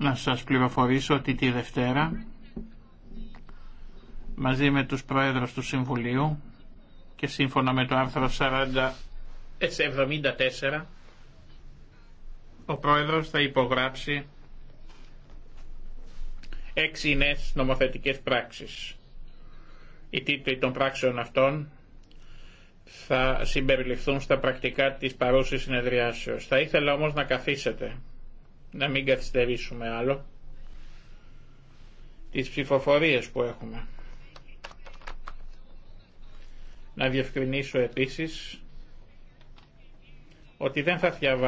να σας πληροφορήσω ότι τη Δευτέρα μαζί με τους Πρόεδρους του Συμβουλίου και σύμφωνα με το άρθρο 74 ε, ο Πρόεδρος θα υπογράψει έξι νέες νομοθετικές πράξεις. Οι τίτλοι των πράξεων αυτών θα συμπεριληφθούν στα πρακτικά της παρούσης συνεδριάσεως. Θα ήθελα όμως να καθίσετε να μην καθυστερήσουμε άλλο τις ψηφοφορίες που έχουμε. Να διευκρινίσω επίσης ότι δεν θα διαβάσω